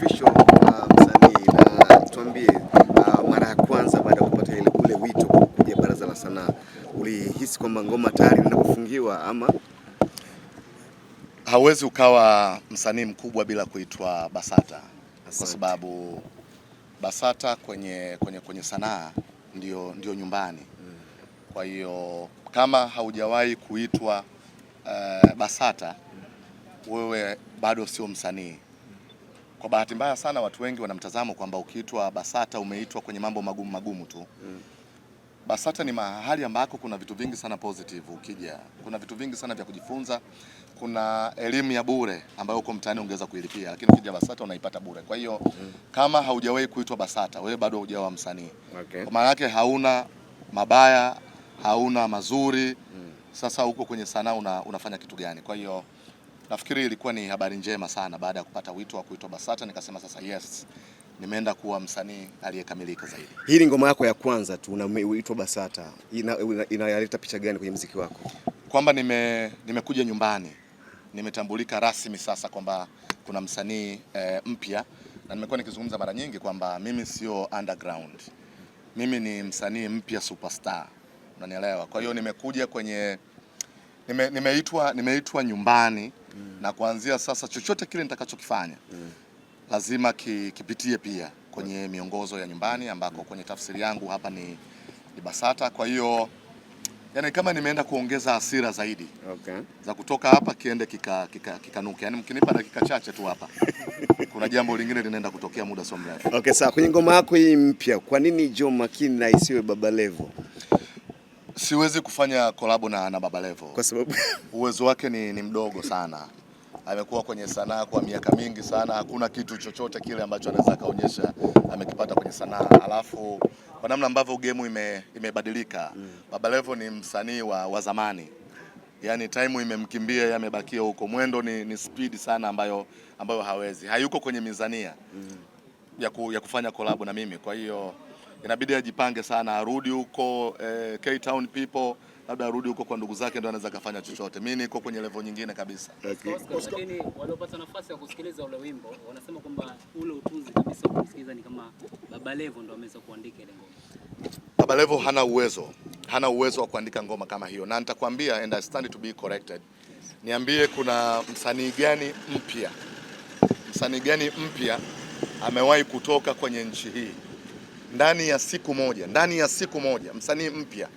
official uh, msanii na tuambie uh, mara ya kwanza baada ya kupata ile ule wito kuja Baraza la Sanaa ulihisi kwamba ngoma tayari kufungiwa ama? Hauwezi ukawa msanii mkubwa bila kuitwa BASATA Asante. Kwa sababu BASATA kwenye, kwenye, kwenye sanaa ndio, ndio nyumbani mm. Kwa hiyo kama haujawahi kuitwa uh, BASATA wewe bado sio msanii. Kwa bahati mbaya sana watu wengi wanamtazamo kwamba ukiitwa BASATA umeitwa kwenye mambo magumu magumu tu mm. BASATA ni mahali ambako kuna vitu vingi sana positive. Ukija kuna vitu vingi sana vya kujifunza, kuna elimu ya bure ambayo uko mtaani ungeweza kuilipia, lakini ukija BASATA unaipata bure. Kwa hiyo mm. kama haujawahi kuitwa BASATA wewe bado hujawa msanii okay. Kwa maana yake hauna mabaya, hauna mazuri mm. Sasa uko kwenye sanaa una, unafanya kitu gani? Kwa hiyo Nafikiri ilikuwa ni habari njema sana baada ya kupata wito wa kuitwa BASATA, nikasema sasa yes, nimeenda kuwa msanii aliyekamilika zaidi. Hii ni ngoma yako ya kwanza tu unaitwa BASATA, inaleta ina, ina picha gani kwenye mziki wako? Kwamba nime nimekuja nyumbani, nimetambulika rasmi sasa kwamba kuna msanii e, mpya, na nimekuwa nikizungumza mara nyingi kwamba mimi sio underground, mimi ni msanii mpya superstar, unanielewa? Kwa hiyo nimekuja kwenye nime, nimeitwa nyumbani na kuanzia sasa chochote kile nitakachokifanya mm. lazima ki, kipitie pia kwenye miongozo ya nyumbani ambako kwenye tafsiri yangu hapa ni, ni BASATA. Kwa hiyo yani kama nimeenda kuongeza hasira zaidi okay. za kutoka hapa kiende kikanuke kika, kika yani mkinipa dakika chache tu hapa kuna jambo lingine linaenda kutokea muda sio mrefu. Okay, sawa. Kwenye ngoma yako hii mpya, kwa nini Joh Makini na isiwe Baba Levo? siwezi kufanya kolabo na, na Baba Levo kwa sababu uwezo wake ni, ni mdogo sana. Amekuwa kwenye sanaa kwa miaka mingi sana, hakuna kitu chochote kile ambacho anaweza akaonyesha amekipata kwenye sanaa. Alafu kwa namna ambavyo gemu ime, imebadilika mm. Baba Levo ni msanii wa, wa zamani yaani time imemkimbia yeye amebakia huko, mwendo ni, ni speed sana ambayo, ambayo hawezi hayuko kwenye mizania mm. ya, ku, ya kufanya kolabo na mimi kwa hiyo inabidi ajipange sana, arudi huko eh, K Town people labda arudi huko kwa ndugu zake, ndio anaweza kufanya chochote. Mimi niko kwenye level nyingine kabisa. Lakini waliopata nafasi ya kusikiliza ule wimbo wanasema kwamba ule utunzi kabisa kusikiliza ni kama Baba Levo ndio ameweza kuandika ile ngoma. Baba Levo hana uwezo, hana uwezo wa kuandika ngoma kama hiyo, na nitakwambia and I stand to be corrected. Niambie, kuna msanii gani mpya, msanii gani mpya amewahi kutoka kwenye nchi hii ndani ya siku moja, ndani ya siku moja msanii mpya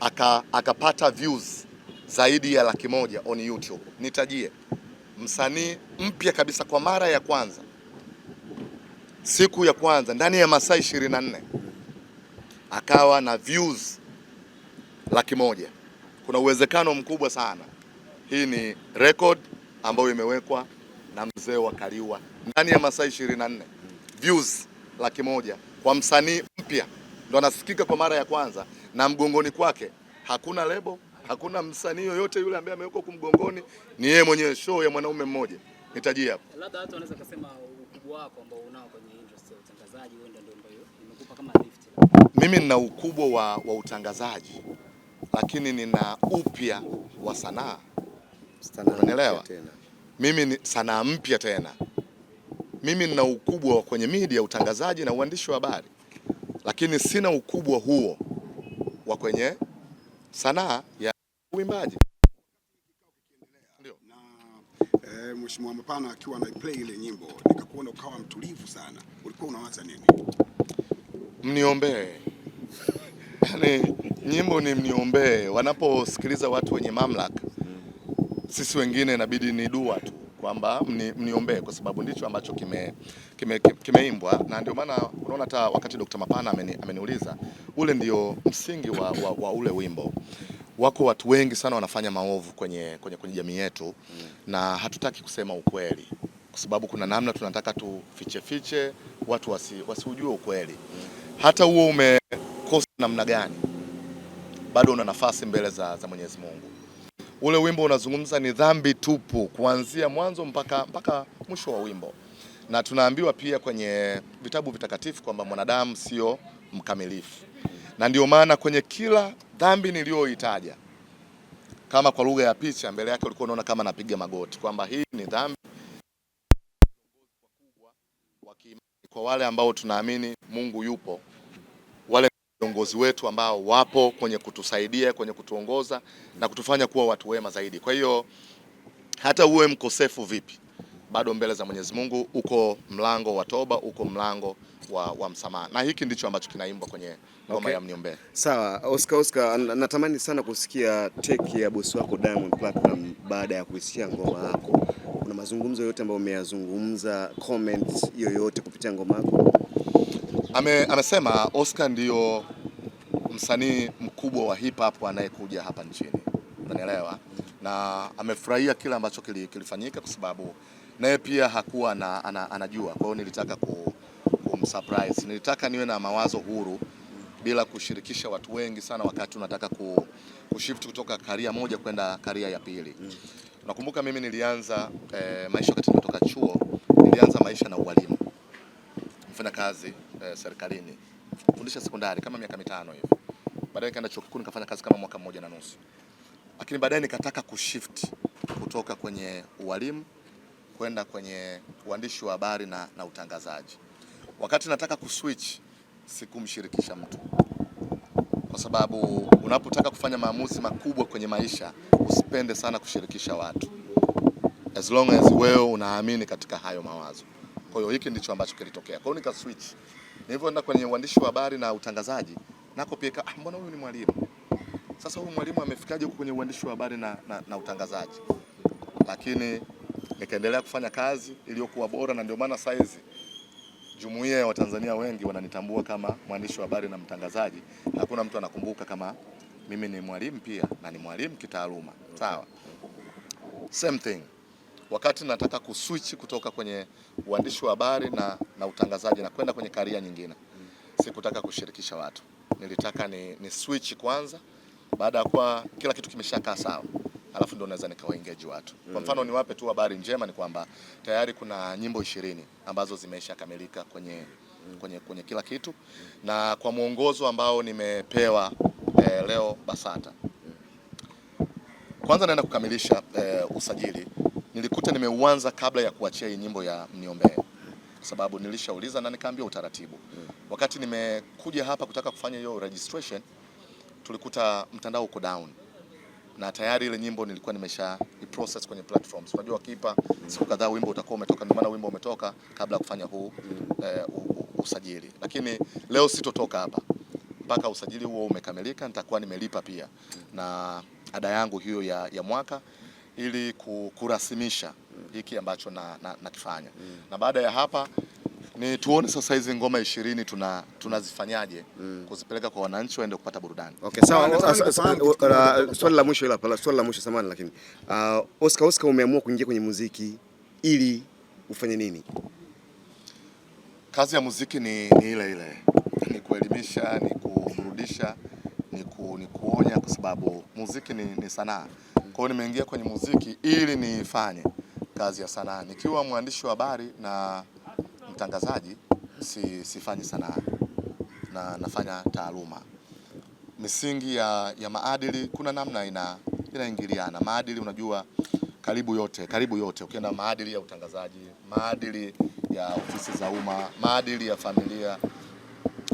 aka akapata views zaidi ya laki moja on YouTube. Nitajie msanii mpya kabisa kwa mara ya kwanza, siku ya kwanza, ndani ya masaa 24 akawa na views laki moja. Kuna uwezekano mkubwa sana hii ni record ambayo imewekwa na mzee wa Kaliwa ndani ya masaa 24 views laki moja kwa msanii mpya, ndo anasikika kwa mara ya kwanza, na mgongoni kwake hakuna lebo, hakuna msanii yoyote yule ambaye amewekwa kumgongoni, ni yeye mwenyewe, show ya mwanaume mmoja Nitaji hapo. Labda watu wanaweza kusema ukubwa wako ambao unao kwenye industry ya utangazaji wewe ndio ndio nimekupa kama lift. Mimi nina ukubwa wa, wa utangazaji lakini nina upya wa sanaa, unanielewa? Mimi ni sanaa mpya tena mimi nina ukubwa kwenye media, utangazaji na uandishi wa habari, lakini sina ukubwa huo wa kwenye sanaa ya uimbaji. Eh, Mheshimiwa Mapana akiwa na play ile nyimbo nikakuona ukawa mtulivu sana, ulikuwa unawaza nini? Mniombee. Yani, nyimbo ni mniombee, wanaposikiliza watu wenye mamlaka, sisi wengine inabidi ni dua tu kwamba mniombee kwa sababu ndicho ambacho kimeimbwa kime, kime na ndio maana unaona hata wakati Dr. Mapana ameni, ameniuliza ule ndio msingi wa, wa, wa ule wimbo. Wako watu wengi sana wanafanya maovu kwenye, kwenye, kwenye jamii yetu mm. na hatutaki kusema ukweli kwa sababu kuna namna tunataka tufichefiche watu wasi, wasiujue ukweli mm. hata huo umekosa namna gani, bado una nafasi mbele za, za Mwenyezi Mungu ule wimbo unazungumza ni dhambi tupu kuanzia mwanzo mpaka, mpaka mwisho wa wimbo, na tunaambiwa pia kwenye vitabu vitakatifu kwamba mwanadamu sio mkamilifu, na ndio maana kwenye kila dhambi niliyoitaja kama kwa lugha ya picha mbele yake ulikuwa unaona kama napiga magoti kwamba hii ni dhambi kwa wale ambao tunaamini Mungu yupo viongozi wetu ambao wapo kwenye kutusaidia, kwenye kutuongoza na kutufanya kuwa watu wema zaidi. Kwa hiyo hata uwe mkosefu vipi, bado mbele za Mwenyezi Mungu uko mlango wa toba, uko mlango wa, wa msamaha na hiki ndicho ambacho kinaimbwa kwenye ngoma okay, ya Mniombe. Sawa Oscar, Oscar, natamani sana kusikia teki ya bosi wako Diamond Platinum baada ya kuisikia ngoma yako. Kuna mazungumzo yote ambayo umeyazungumza, comments yoyote kupitia ngoma yako? Ame, amesema Oscar ndio msanii mkubwa wa hip hop anayekuja hapa nchini, unanielewa, na amefurahia kile ambacho kilifanyika, kwa sababu naye pia hakuwa na, ana, anajua. Kwa hiyo nilitaka kumsurprise, nilitaka niwe na mawazo huru bila kushirikisha watu wengi sana, wakati unataka kushift kutoka karia moja kwenda karia ya pili. Nakumbuka mimi nilianza eh, maisha wakati nimetoka chuo, nilianza maisha na ualimu, mfanya kazi eh, serikalini, fundisha sekondari kama miaka mitano hivi baadaye nikaenda chuo kikuu nikafanya kazi kama mwaka mmoja na nusu, lakini baadaye nikataka kushift kutoka kwenye ualimu kwenda kwenye uandishi wa habari na, na utangazaji. Wakati nataka kuswitch sikumshirikisha mtu, kwa sababu unapotaka kufanya maamuzi makubwa kwenye maisha usipende sana kushirikisha watu, as long as wewe unaamini katika hayo mawazo. Kwa hiyo hiki ndicho ambacho kilitokea. Kwa hiyo nika switch nilivyoenda kwenye uandishi wa habari na utangazaji nako pia ah, mbona huyu ni mwalimu. Sasa huyu mwalimu amefikaje huko kwenye uandishi wa habari na, na, na utangazaji? Lakini nikaendelea kufanya kazi iliyokuwa bora, na ndio maana saizi jumuiya ya Watanzania wengi wananitambua kama mwandishi wa habari na mtangazaji. Hakuna mtu anakumbuka kama mimi ni mwalimu pia, na ni mwalimu kitaaluma. Sawa, same thing wakati nataka kuswitch kutoka kwenye uandishi wa habari na, na utangazaji na kwenda kwenye karia nyingine, sikutaka kushirikisha watu nilitaka ni, ni switch kwanza, baada ya kuwa kila kitu kimeshakaa sawa alafu ndio naweza nikawaengage watu. Kwa mfano mm. niwape tu habari njema ni kwamba tayari kuna nyimbo ishirini ambazo zimeishakamilika kwenye, mm. kwenye, kwenye kila kitu na kwa mwongozo ambao nimepewa eh, leo Basata. Mm. Kwanza naenda kukamilisha eh, usajili nilikuta nimeuanza kabla ya kuachia hii nyimbo ya mniombee sababu nilishauliza na nikaambia utaratibu. Mm. Wakati nimekuja hapa kutaka kufanya hiyo registration, tulikuta mtandao uko down na tayari ile nyimbo nilikuwa nimesha process kwenye platforms. Unajua mm. siku kadhaa wimbo utakuwa umetoka, ndio maana wimbo umetoka kabla ya kufanya huu mm. eh, usajili. Lakini leo sitotoka hapa mpaka usajili huo umekamilika. Nitakuwa nimelipa pia mm. na ada yangu hiyo ya, ya mwaka ili kurasimisha hiki ambacho na, na, nakifanya mm. na baada ya hapa ni tuone sasa hizi ngoma ishirini tuna tunazifanyaje mm. kuzipeleka kwa wananchi waende kupata burudani. Okay, sawa. Uh, swali la mwisho hilo pala, swali la mwisho samani, lakini uh, Oscar Oscar, umeamua kuingia kwenye muziki ili ufanye nini? Kazi ya muziki ni, ni ile ile, ni kuelimisha, ni kuburudisha, ni, ku, ni kuonya, kwa sababu muziki ni, ni sanaa. Kwa hiyo nimeingia kwenye muziki ili niifanye kazi ya sanaa. Nikiwa mwandishi wa habari na mtangazaji si, sifanyi sanaa na nafanya taaluma. Misingi ya, ya maadili kuna namna ina inaingiliana. Maadili unajua karibu yote, karibu yote ukienda, maadili ya utangazaji, maadili ya ofisi za umma, maadili ya familia,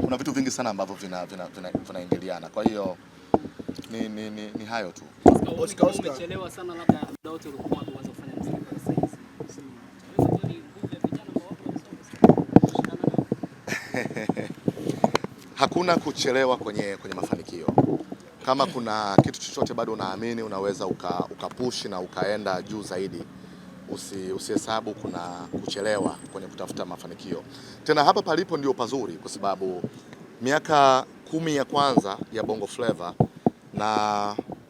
kuna vitu vingi sana ambavyo vinaingiliana vina, vina, vina kwa hiyo ni, ni, ni, ni hayo tu. Hakuna kuchelewa kwenye, kwenye mafanikio. Kama kuna kitu chochote bado unaamini unaweza ukapush uka na ukaenda juu zaidi, usihesabu usi kuna kuchelewa kwenye kutafuta mafanikio. Tena hapa palipo ndio pazuri, kwa sababu miaka kumi ya kwanza ya Bongo Flava na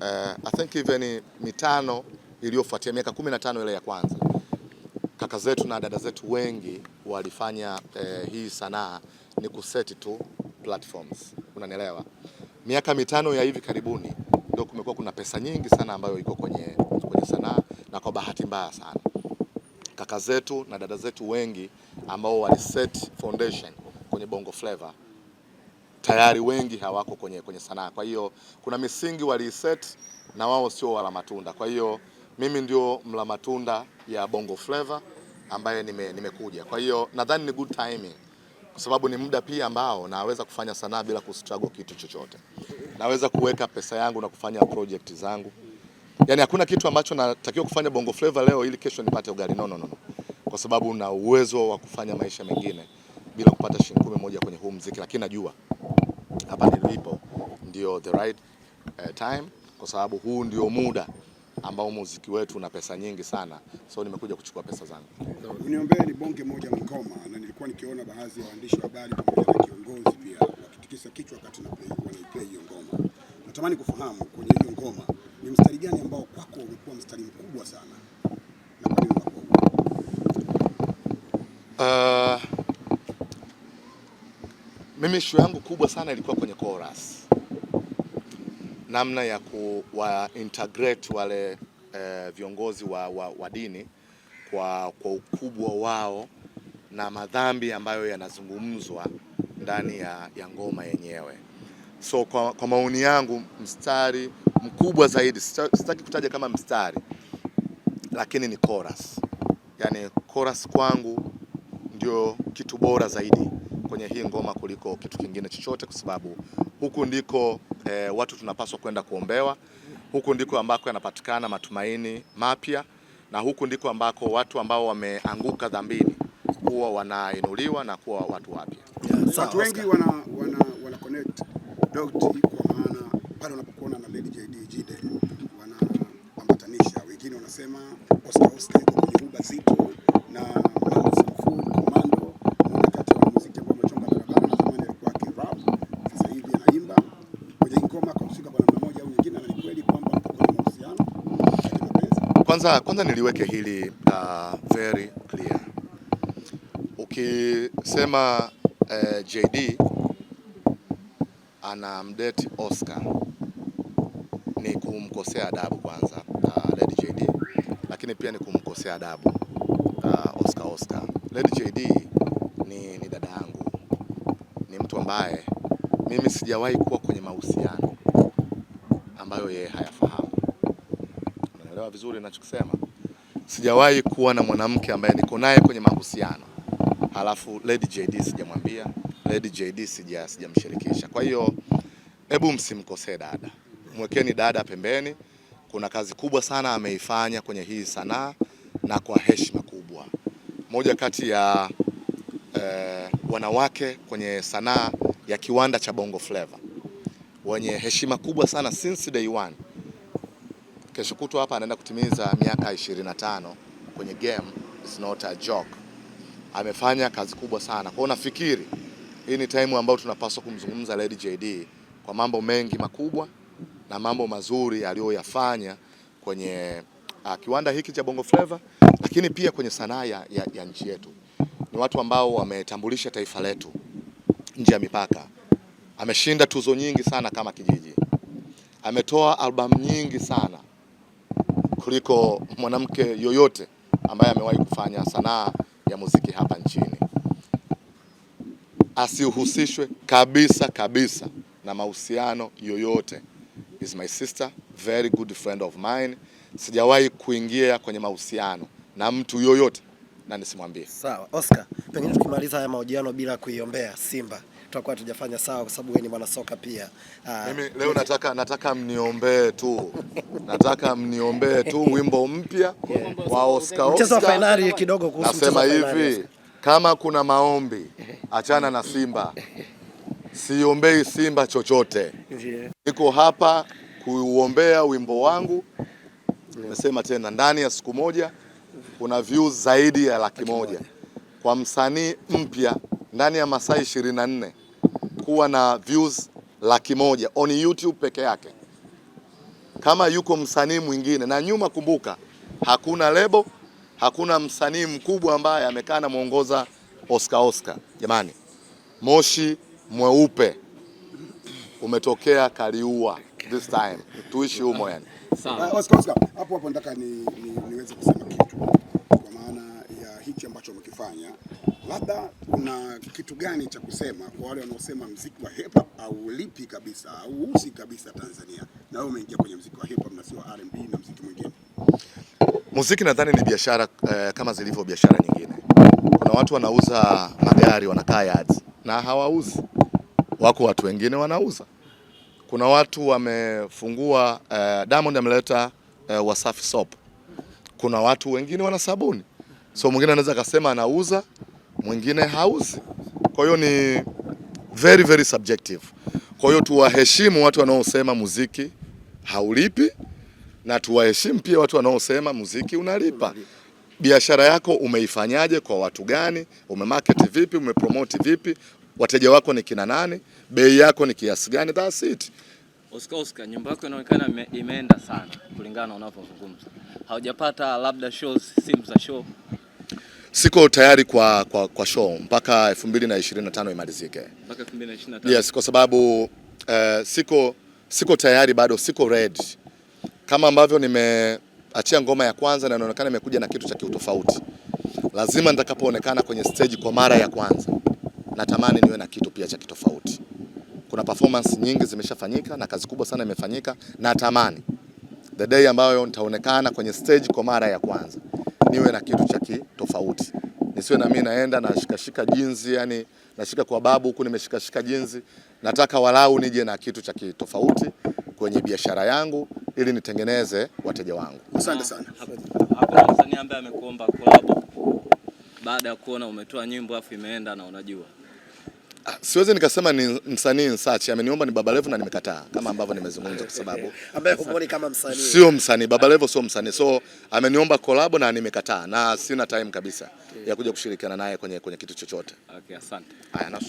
uh, I think even mitano iliyofuatia miaka kumi na tano ile ya kwanza kaka zetu na dada zetu wengi walifanya eh, hii sanaa ni kuseti tu platforms, unanielewa. Miaka mitano ya hivi karibuni ndio kumekuwa kuna pesa nyingi sana ambayo iko kwenye, kwenye sanaa, na kwa bahati mbaya sana kaka zetu na dada zetu wengi ambao waliset foundation kwenye Bongo Flava tayari wengi hawako kwenye, kwenye sanaa. Kwa hiyo kuna misingi waliiset na wao sio wala matunda. Kwa hiyo mimi ndio mla matunda ya Bongo Flava ambayo nime, nimekuja. Kwa hiyo nadhani ni good timing kwa sababu ni muda pia ambao naweza kufanya sanaa bila kustruggle kitu chochote. Naweza kuweka pesa yangu na kufanya project zangu. Yaani hakuna kitu ambacho natakiwa kufanya Bongo Flava leo ili kesho nipate ugali. No, no, no. Kwa sababu na uwezo wa kufanya maisha mengine bila kupata shilingi kumi moja kwenye huu mziki, lakini najua hapa nilipo ndio the right uh, time kwa sababu huu ndio muda ambao muziki wetu una pesa nyingi sana, so nimekuja kuchukua pesa zangu. niombee ni bonge moja mkoma, ngoma, na nilikuwa nikiona baadhi ya waandishi wa habari pamoja na kiongozi pia wakitikisa kichwa wakati wanaiplay hiyo ngoma. Natamani kufahamu kwenye hiyo ngoma ni mstari gani ambao kwako umekuwa mstari mkubwa sana na kwa nini uh, mimi show yangu kubwa sana ilikuwa kwenye chorus namna ya kuwa integrate wale eh, viongozi wa, wa, wa dini kwa, kwa ukubwa wao na madhambi ambayo yanazungumzwa ndani ya, ya ngoma yenyewe. So kwa, kwa maoni yangu mstari mkubwa zaidi sitaki kutaja kama mstari, lakini ni chorus. Yani chorus kwangu ndio kitu bora zaidi kwenye hii ngoma kuliko kitu kingine chochote, kwa sababu Huku ndiko e, watu tunapaswa kwenda kuombewa, huku ndiko ambako yanapatikana matumaini mapya, na huku ndiko ambako watu ambao wameanguka dhambini huwa wanainuliwa na kuwa watu wapya. Yeah, watu wengi wana, wana, wana connect dot kwa maana pale unapokuona na Lady JD Jide wanaambatanisha, wengine wanasema Oscar Oscar kwenye uba zito na Kwanza kwanza niliweke hili uh, very clear. Ukisema uh, JD mdate Oscar ni kumkosea adabu kwanza uh, Lady JD, lakini pia ni kumkosea adabu uh, Oscar Oscar. Lady JD ni, ni dada yangu, ni mtu ambaye mimi sijawahi kuwa kwenye mahusiano ambayo yeye hayafanya unaelewa vizuri ninachokisema. Sijawahi kuwa na mwanamke ambaye niko naye kwenye mahusiano halafu Lady JD sijamwambia, Lady JD sija sijamshirikisha. Kwa hiyo hebu msimkosee dada, mwekeni dada pembeni. Kuna kazi kubwa sana ameifanya kwenye hii sanaa na kwa heshima kubwa. Moja kati ya eh, wanawake kwenye sanaa ya kiwanda cha Bongo Flava wenye heshima kubwa sana since day one kesho kutwa hapa anaenda kutimiza miaka 25 kwenye game, it's not a joke. Amefanya kazi kubwa sana kwao, nafikiri hii ni time ambayo tunapaswa kumzungumza Lady JD kwa mambo mengi makubwa na mambo mazuri aliyoyafanya kwenye uh, kiwanda hiki cha Bongo Flava, lakini pia kwenye sanaa ya, ya, ya nchi yetu. Ni watu ambao wametambulisha taifa letu nje ya mipaka. Ameshinda tuzo nyingi sana kama kijiji, ametoa albamu nyingi sana kuliko mwanamke yoyote ambaye amewahi kufanya sanaa ya muziki hapa nchini. Asihusishwe kabisa kabisa na mahusiano yoyote. Is my sister, very good friend of mine. Sijawahi kuingia kwenye mahusiano na mtu yoyote na nisimwambie. Sawa, Oscar, pengine tukimaliza haya mahojiano bila kuiombea Simba tutakuwa tujafanya sawa, kwa sababu wewe ni mwanasoka pia. Ah. Mimi leo nataka nataka mniombee tu nataka mniombee tu wimbo mpya wa Oscar mchezo wa fainali kidogo. Kuhusu nasema hivi, kama kuna maombi, achana na Simba, siombei Simba chochote, niko hapa kuuombea wimbo wangu. Nimesema tena, ndani ya siku moja kuna views zaidi ya laki moja kwa msanii mpya ndani ya masaa ishirini na nne kuwa na views laki moja on YouTube peke yake. Kama yuko msanii mwingine, na nyuma, kumbuka hakuna lebo, hakuna msanii mkubwa ambaye amekaa na mwongoza Oscar Oscar. Jamani, moshi mweupe umetokea kaliua this time, tuishi humo yani. Oscar Oscar, hapo hapo nataka niweze kusema kitu gani cha kusema kwa wale wanaosema mziki wa hip hop au lipi kabisa au usi kabisa Tanzania, na wewe umeingia kwenye mziki wa hip hop na sio R&B na mziki mwingine? Muziki nadhani ni biashara eh, kama zilivyo biashara nyingine. Kuna watu wanauza magari wanakaa yards na hawauzi, wako watu wengine wanauza. Kuna watu wamefungua eh, Diamond ameleta eh, Wasafi soap. Kuna watu wengine wana sabuni, so mwingine anaweza akasema anauza mwingine hauzi. Kwa hiyo ni very very subjective. Kwa hiyo tuwaheshimu watu wanaosema muziki haulipi na tuwaheshimu pia watu wanaosema muziki unalipa. Biashara yako umeifanyaje? Kwa watu gani? Umemarket vipi? Umepromote vipi? Wateja wako ni kina nani? Bei yako ni kiasi gani? That's it. Oscar, Oscar, nyumba yako inaonekana imeenda sana kulingana na unavyozungumza. Haujapata labda shows, simu za show siko tayari kwa, kwa, kwa show mpaka 2025 imalizike. Mpaka 2025. Yes, kwa sababu uh, siko, siko tayari bado, siko ready kama ambavyo nimeachia ngoma ya kwanza na inaonekana imekuja na kitu cha kiutofauti. Lazima nitakapoonekana kwenye stage kwa mara ya kwanza, natamani niwe na kitu pia cha kitofauti. Kuna performance nyingi zimeshafanyika na kazi kubwa sana imefanyika, natamani the day ambayo nitaonekana kwenye stage kwa mara ya kwanza niwe na kitu cha kitofauti, nisiwe na mimi naenda nashikashika jinzi, yani nashika kwa babu huku nimeshikashika jinzi. Nataka walau nije na kitu cha kitofauti kwenye biashara yangu ili nitengeneze wateja wangu. Asante sana. Hakuna msanii ambaye amekuomba collab baada ya kuona umetoa nyimbo afu imeenda na unajua Siwezi nikasema ni msanii Nsachi ameniomba ni Baba Levo na nimekataa, kama ambavyo nimezungumza, kwa sababu ambaye humuoni kama msanii. Sio msanii, Baba Levo sio msanii, so ameniomba kolabo na nimekataa, na sina time kabisa ya kuja kushirikiana naye kwenye, kwenye kitu chochote. Okay, asante. Haya, nashukuru.